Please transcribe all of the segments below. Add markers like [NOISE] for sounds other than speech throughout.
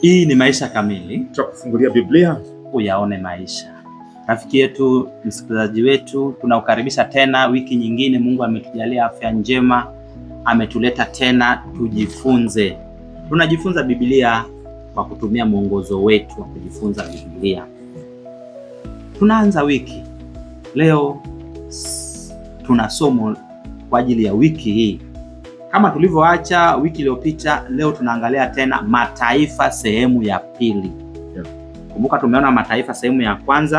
Hii ni Maisha Kamili, tutakufungulia Biblia uyaone maisha. Rafiki yetu, msikilizaji wetu, tunaukaribisha tena wiki nyingine. Mungu ametujalia afya njema, ametuleta tena tujifunze. Tunajifunza Biblia kwa kutumia mwongozo wetu wa kujifunza Biblia. Tunaanza wiki leo, tuna somo kwa ajili ya wiki hii kama tulivyoacha wiki iliyopita, leo tunaangalia tena mataifa sehemu ya pili. Yeah. Kumbuka tumeona mataifa sehemu ya kwanza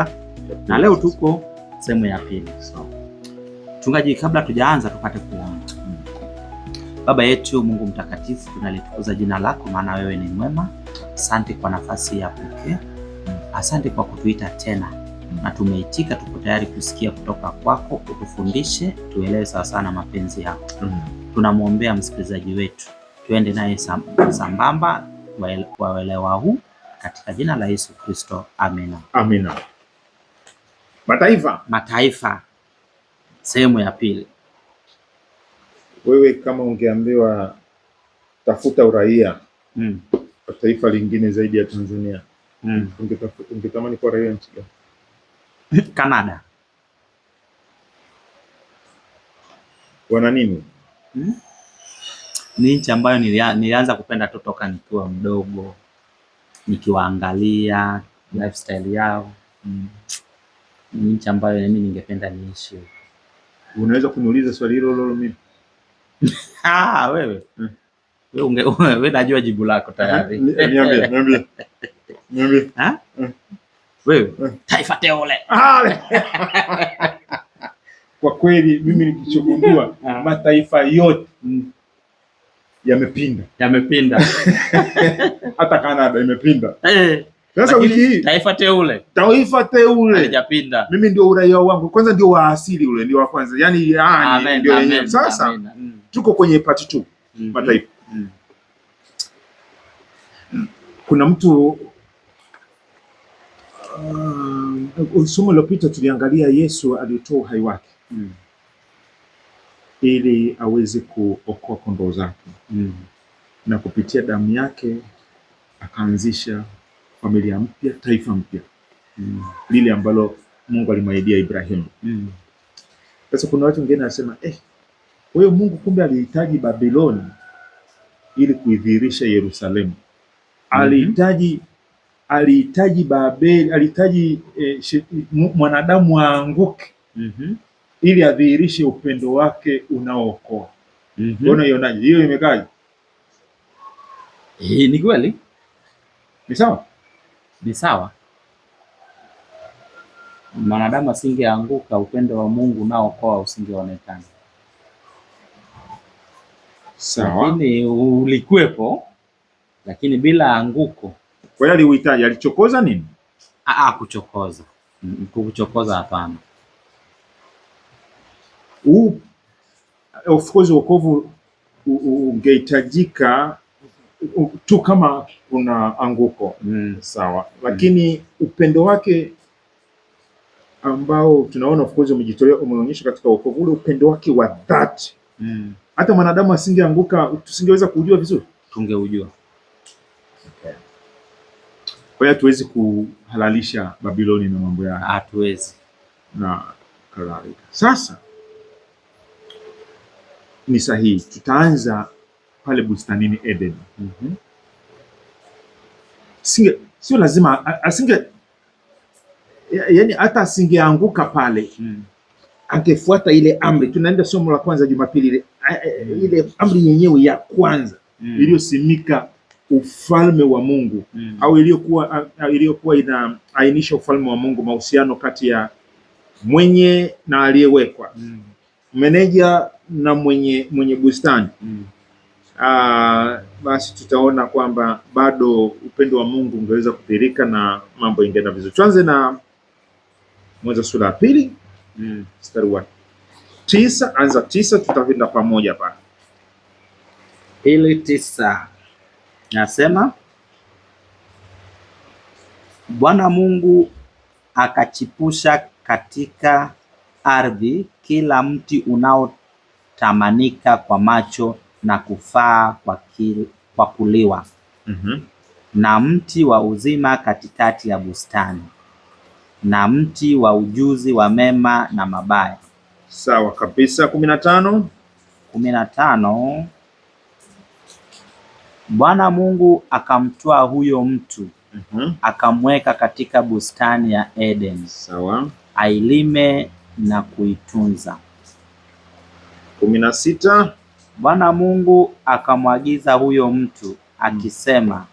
yeah, na leo tuko sehemu ya pili. So, mchungaji, kabla tujaanza tupate kuomba. Mm. Baba yetu Mungu mtakatifu, tunalitukuza jina lako maana wewe ni mwema. Asante kwa nafasi ya pekee. Mm. Asante kwa kutuita tena mm. na tumeitika. Tuko tayari kusikia kutoka kwako, utufundishe, tuelewe sawasawa na mapenzi yako. Hmm tunamwombea msikilizaji wetu, tuende naye sambamba kwa uelewa huu katika jina la Yesu Kristo, amina. Amina. Mataifa, mataifa sehemu ya pili. Wewe kama ungeambiwa tafuta uraia mm. taifa lingine zaidi ya Tanzania mm. ungetamani kuwa raia nchi gani? Kanada. Wana nini? Hmm? Ni nchi ambayo nilianza kupenda tu toka nikiwa mdogo, nikiwaangalia lifestyle yao hmm. Ni nchi ambayo mimi yaani ningependa niishi. Unaweza kuniuliza swali hilo lolo mimi? [LAUGHS] Ah, wewe hmm. Wewe najua jibu lako tayari. [LAUGHS] Niambie, niambie. Niambie. [LAUGHS] Ha? Hmm. Wewe, taifa teule. Ah! kwa kweli mimi nikichogundua [LAUGHS] ah. mataifa yote yamepinda yamepinda, [LAUGHS] hata Canada imepinda. Eh. Sasa wiki hii taifa teule taifa teule hajapinda Mimi ndio uraia wangu kwanza, ndio wa asili ule ndio wa kwanza, yani yani ndio yenyewe. Sasa amen. Mm. tuko kwenye part 2 mm. Mm-hmm. mataifa mm. kuna mtu um, somo lilopita tuliangalia Yesu alitoa uhai wake mm. ili aweze kuokoa kondoo zake mm. na kupitia damu yake akaanzisha familia mpya, taifa mpya mm. lile ambalo Mungu alimwahidia Ibrahimu mm. Sasa kuna watu wengine wanasema eh, kwa hiyo Mungu kumbe alihitaji Babiloni ili kuidhihirisha Yerusalemu. Mhm. Alihitaji alihitaji Babeli, alihitaji eh, mwanadamu aanguke mm -hmm ili adhihirishe upendo wake unaookoa. mm -hmm. hiyo imekaje? Eh, ni kweli, ni sawa, ni sawa. Mwanadamu asingeanguka, upendo wa Mungu unaookoa usingeonekana. Sawa, lakini ulikuwepo, lakini bila anguko. Kwa hiyo aliuhitaji, alichokoza nini? Aa, ah, ah, kuchokoza mm, kuchokoza, hapana huu eh, of course wokovu ungehitajika tu kama kuna anguko mm. Sawa, lakini mm. upendo wake ambao tunaona of course umejitolea, umeonyesha katika wokovu ule upendo wake wa dhati mm. hata mwanadamu asingeanguka, tusingeweza kuujua vizuri, tungeujua Kwa hiyo hatuwezi kuhalalisha Babiloni na mambo yake, hatuwezi na kadhalika sasa ni sahihi. Tutaanza pale bustanini Eden. mm -hmm. Singe, sio lazima asinge, yani hata asingeanguka pale mm. Angefuata ile amri, tunaenda somo la kwanza Jumapili ile, mm. ile amri yenyewe ya kwanza mm. iliyosimika ufalme wa Mungu mm. au iliyokuwa iliyokuwa inaainisha ufalme wa Mungu, mahusiano kati ya mwenye na aliyewekwa mm meneja na mwenye mwenye bustani mm. Aa, ah, basi tutaona kwamba bado upendo wa Mungu ungeweza kudhirika na mambo ingeenda vizuri. Tuanze na Mwanzo sura ya pili mm. mstari mm. wa tisa, anza tisa, tutavinda pamoja pa ili tisa nasema Bwana Mungu akachipusha katika ardhi kila mti unaotamanika kwa macho na kufaa kwa, kwa kuliwa mm -hmm. na mti wa uzima katikati ya bustani na mti wa ujuzi wa mema na mabaya. Sawa kabisa. kumi na tano kumi na tano Bwana Mungu akamtoa huyo mtu mm -hmm. akamweka katika bustani ya Eden. Sawa. ailime na kuitunza. kumi na sita. Bwana Mungu akamwagiza huyo mtu akisema,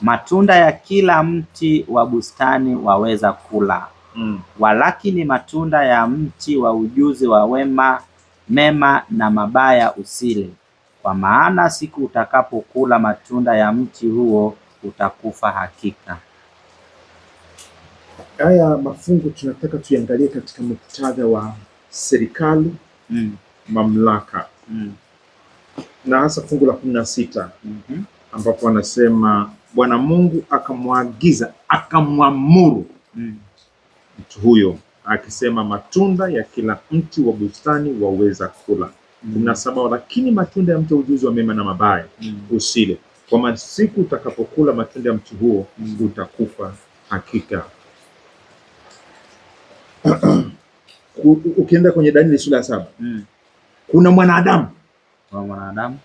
matunda ya kila mti wa bustani waweza kula mm. walakini matunda ya mti wa ujuzi wa wema mema na mabaya usile, kwa maana siku utakapokula matunda ya mti huo utakufa hakika. Haya mafungu tunataka tuangalie katika muktadha wa serikali mm. mamlaka mm. na hasa fungu la kumi na sita mm -hmm. ambapo anasema Bwana Mungu akamwagiza akamwamuru mm. mtu huyo akisema, matunda ya kila mti wa bustani waweza kula. Mm. kumi mm. na saba, lakini matunda ya mti wa ujuzi wa mema na mabaya mm. usile, kwa masiku utakapokula matunda ya mti huo mm. utakufa hakika [CLEARS THROAT] ukienda kwenye Danieli sura ya saba mm. kuna mwanadamu kuna mwanadamu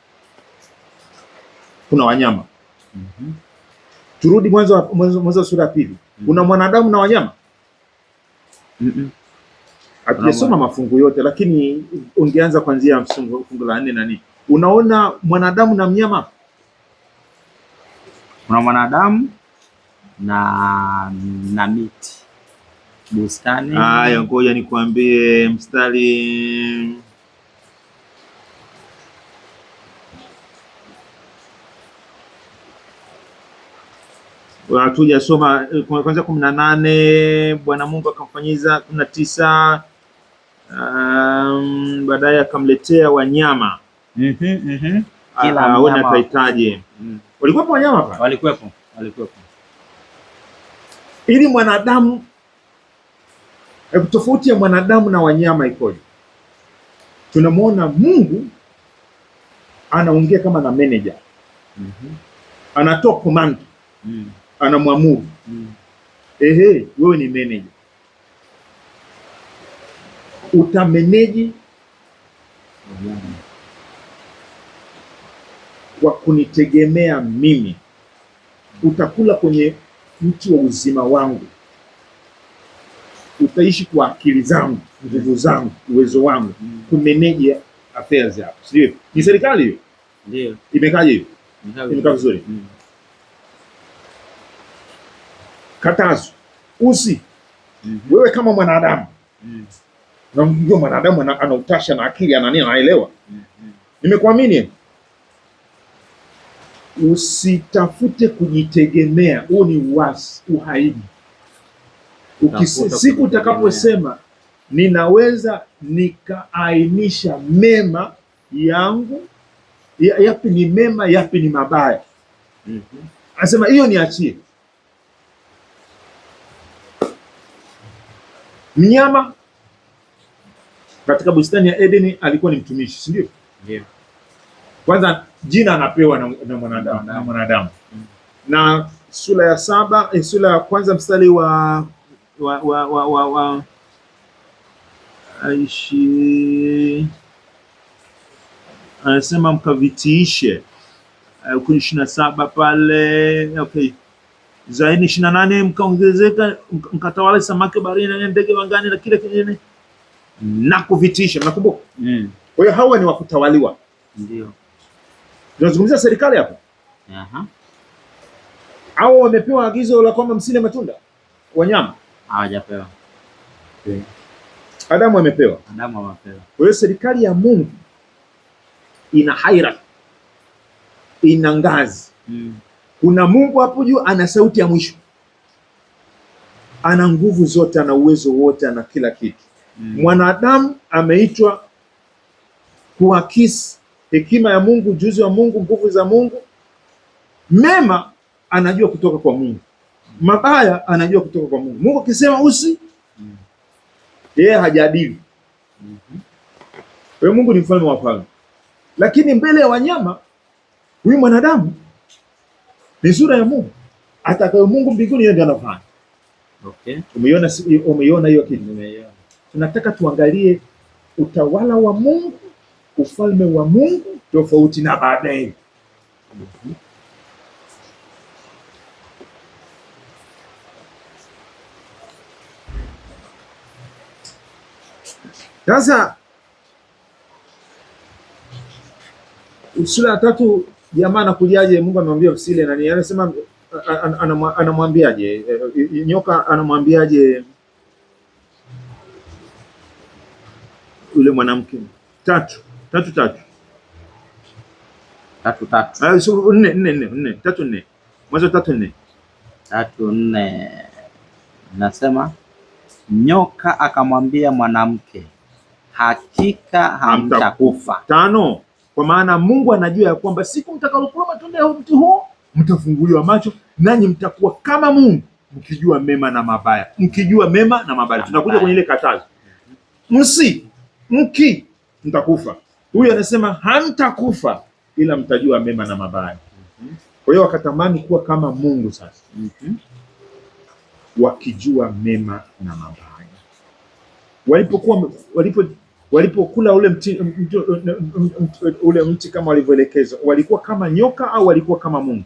kuna wanyama mm -hmm. Turudi mwanzo mwanzo sura ya pili mm. kuna mwanadamu na wanyama mm -mm. mafungu yote lakini ungeanza kuanzia fungu la nne na nini, unaona mwanadamu na mnyama. Kuna mwanadamu na na miti Bustani. Haya, ngoja nikwambie mstari Tuja soma eh, kwanza kumi na nane Bwana Mungu akamfanyiza kumi na tisa um, baadaye akamletea wanyama mhm, mhm. Ah, ah, mm atahitaji Walikuwepo wanyama Walikuwepo, walikuwepo ili mwanadamu Hebu tofauti ya mwanadamu na wanyama ikoje? Tunamwona Mungu anaongea kama na manager. mm -hmm. Anatoa command. mm. Anamwamuru. mm. Ehe, wewe ni manager, utameneji mm. kwa kunitegemea mimi, utakula kwenye mti wa uzima wangu utaishi kwa akili zangu, nguvu zangu, uwezo wangu kumeneja affairs zako, sio ni serikali hiyo. Ndio imekaje hiyo? Imekaa vizuri. Mm. Katazo usi mm Wewe kama mwanadamu mm -hmm. Namjua mwanadamu ana utasha na akili ana nini anaelewa mm Nimekuamini, usitafute kujitegemea. Huo ni uasi, uhaini siku utakaposema ninaweza nikaainisha mema yangu ya, yapi ni mema yapi ni mabaya mm -hmm. Anasema hiyo niachie. Mnyama katika bustani ya Edeni alikuwa ni mtumishi, si ndio? Yeah. Kwanza jina anapewa na, na mwanadamu na, mwanadamu. Mm -hmm. na sura ya saba eh, sura ya kwanza mstari wa wa wa wa wa wa anasema mkavitiishe eh, kwenye ishirini na saba pale okay. Zaidi ishirini na nane mkaongezeka mkatawala samaki baharini na ndege wangani na kila kijini na kuvitiisha, mnakumbuka? Mm. Kwa hiyo hawa ni wakutawaliwa, ndio tunazungumzia serikali hapa. Aha, wamepewa agizo la kwamba msile matunda wanyama Hawajapewa. Okay. Adamu amepewa. Adamu amepewa. Kwa hiyo serikali ya Mungu ina haira ina ngazi. Mm. Kuna Mungu hapo juu, ana sauti ya mwisho, ana nguvu zote, ana uwezo wote, ana kila kitu. Mm. Mwanadamu ameitwa kuakisi hekima ya Mungu, ujuzi wa Mungu, nguvu za Mungu. Mema anajua kutoka kwa Mungu mabaya anajua kutoka kwa Mungu. Mungu akisema usi, yeye hajadili. mm -hmm. Mungu ni mfalme wa wafalme, lakini mbele ya wanyama huyu mwanadamu ni sura ya Mungu. Atakayo Mungu mbinguni yeye ndiye anafanya. Okay. Umeiona, umeiona hiyo kitu? Tunataka tuangalie utawala wa Mungu, ufalme wa Mungu tofauti na baadaye. Mm -hmm. Sasa sura ya tatu jamaa anakujaje? Mungu amemwambia usile nani, anasema anamwambiaje? Eh, nyoka anamwambiaje yule mwanamke? Tatu tatu tatu tatu tatu ah, nne nne nne tatu nne Mwanzo tatu nne tatu nne nasema, nyoka akamwambia mwanamke hakika hamtakufa. Tano, kwa maana Mungu anajua ya kwamba siku mtakalokula matunda ya mti huo mtafunguliwa macho, nanyi mtakuwa kama Mungu mkijua mema na mabaya. Mkijua mema na mabaya, tunakuja kwenye ile katazo, msi mki mtakufa. Huyu anasema hamtakufa, ila mtajua mema na mabaya. Kwa hiyo wakatamani kuwa kama Mungu sasa, wakijua mema na mabaya walipokuwa walipo walipokula ule mti, ule mti kama walivyoelekezwa, walikuwa kama nyoka au walikuwa kama Mungu?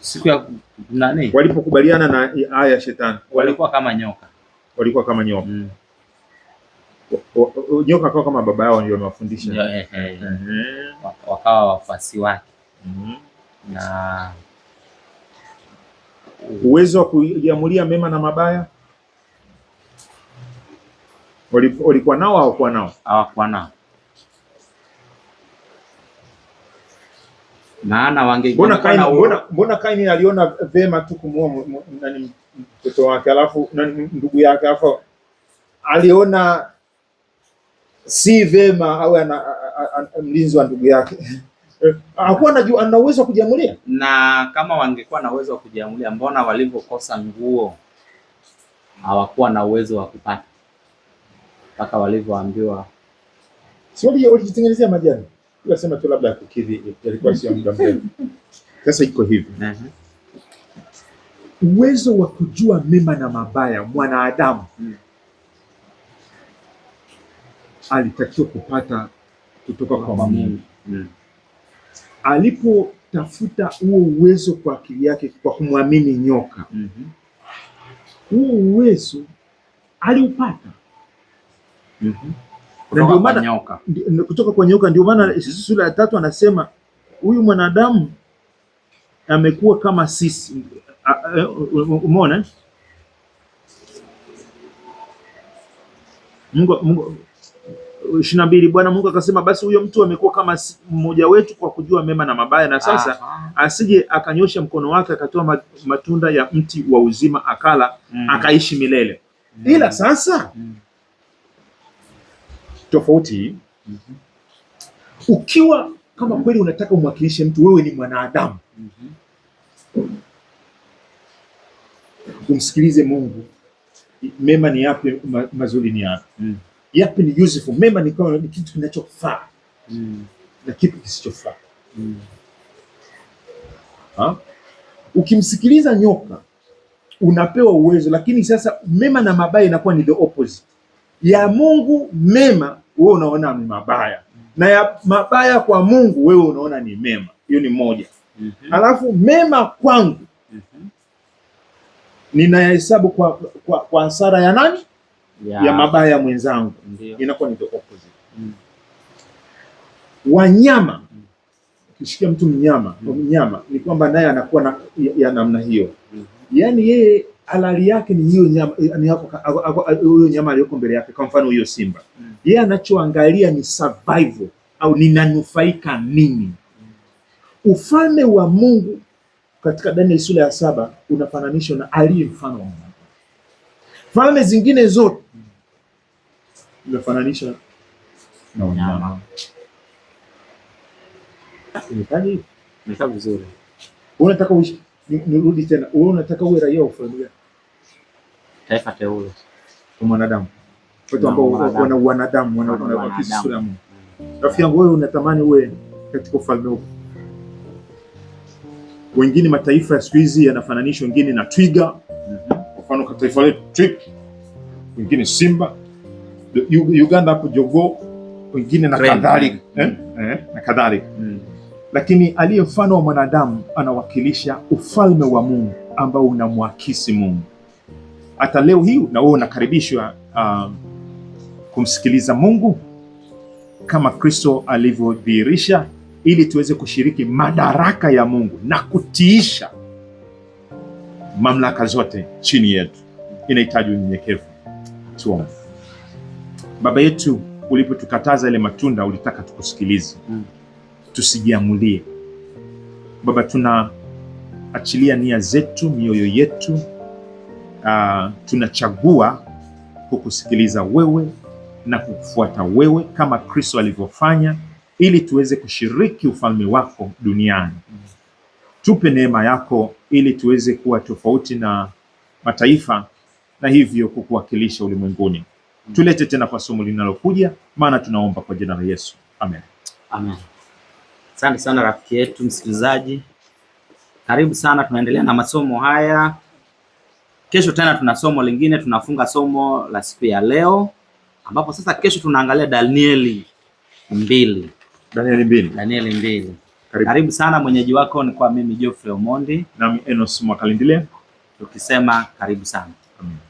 Siku ya nani walipokubaliana na aya ya shetani, walikuwa kama nyoka, walikuwa kama nyoka mm. Nyoka akawa kama baba yao ndio amewafundisha eh, eh, mm -hmm. wakawa wafuasi wake mm -hmm. na uwezo wa kujiamulia mema na mabaya Walikuwa nao au hawakuwa nao? Hawakuwa nao. Maana wange mbona Kaini aliona vema tu kumuoa nani mtoto wake alafu nani ndugu yake alafu aliona si vema au mlinzi wa ndugu yake [LAUGHS] hakuwa na ana uwezo wa kujiamulia. Na kama wangekuwa na uwezo wa kujiamulia, mbona walivyokosa nguo hawakuwa na uwezo wa kupata mpaka walivyoambiwa. Si walijitengenezea majani, sema tu labda kukidhi, ilikuwa sio muda mrefu. Sasa iko hivi uh mhm. -huh. Uwezo wa kujua mema na mabaya mwanadamu hmm. alitakiwa kupata kutoka kwa Mungu hmm. Alipotafuta huo uwezo kwa akili yake kwa kumwamini nyoka, mhm. huo hmm. uwezo aliupata mm -hmm. Kutoka kwa nyoka, Ndio maana mm -hmm. sura ya tatu anasema huyu mwanadamu amekuwa kama sisi. Umeona Mungu ishirini na mbili Bwana Mungu akasema, basi huyo mtu amekuwa kama mmoja wetu kwa kujua mema na mabaya, na sasa Aha. asije akanyosha mkono wake akatoa matunda ya mti wa uzima akala, mm. akaishi milele mm. ila sasa mm tofauti hii mm -hmm. Ukiwa kama kweli unataka umwakilishe mtu, wewe ni mwanadamu mm -hmm. Umsikilize Mungu, mema ni yapi, ma mazuri ni yapi mm. Yapi ni useful? Mema ni ni kitu kinachofaa mm. na kitu kisichofaa mm. Ukimsikiliza nyoka unapewa uwezo, lakini sasa mema na mabaya inakuwa ni the opposite ya Mungu mema wewe unaona ni mabaya na ya mabaya kwa Mungu wewe unaona ni mema. Hiyo ni moja. mm -hmm. Alafu mema kwangu mm -hmm. ninayahesabu kwa, kwa, kwa hasara ya nani? yeah. ya mabaya mwenzangu. inakuwa ni the opposite. mm. Wanyama mm. ukishikia mtu mnyama mm. mnyama ni kwamba naye anakuwa na, ya namna hiyo mm -hmm. yaani yeye halali yake ni hiyo nyama, eh, ni huyo nyama aliyoko mbele yake. Kwa mfano hiyo simba mm. yeye, anachoangalia ni survival au ninanufaika nini? mm. Ufalme wa Mungu katika Danieli sura ya saba unafananishwa na aliye mfano wa Mungu. Falme zingine zote zinafananisha na wanyama. Unataka uishi, nirudi tena, unataka uwe raia wa ufalme taifa teule mwanadamu, watu ambao wana wanadamu, wana sura Mungu. Rafiki yangu, wewe unatamani uwe katika ufalme huu. Wengine mataifa ya siku hizi yanafananishwa wengine na twiga, kwa mhm. mfano kwa taifa letu trip, wengine simba, Uganda hapo jogo wengine na kadhalika mhm. eh, eh, na kadhalika mm. Lakini aliye mfano wa mwanadamu anawakilisha ufalme wa Mungu ambao unamwakisi Mungu. Hata leo hii na wewe unakaribishwa uh, kumsikiliza Mungu kama Kristo alivyodhihirisha ili tuweze kushiriki madaraka ya Mungu na kutiisha mamlaka zote chini yetu. Inahitaji unyenyekevu. Tuombe. Baba yetu, ulipotukataza ile matunda, ulitaka tukusikilize, mm. tusijiamulie. Baba, tunaachilia nia zetu, mioyo yetu uh, tunachagua kukusikiliza wewe na kukufuata wewe kama Kristo alivyofanya ili tuweze kushiriki ufalme wako duniani. Tupe neema yako ili tuweze kuwa tofauti na mataifa na hivyo kukuwakilisha ulimwenguni. Tulete tena kwa somo linalokuja, maana tunaomba kwa jina la Yesu, amen. Amen. Asante sana rafiki yetu msikilizaji, karibu sana, tunaendelea na masomo haya. Kesho tena tuna somo lingine, tunafunga somo la siku ya leo, ambapo sasa kesho tunaangalia Danieli mbili. Danieli mbili. Danieli mbili. Karibu. Karibu sana mwenyeji wako ni kwa mimi Geoffrey Omondi na Enos Mwakalindile, tukisema karibu sana. Amen.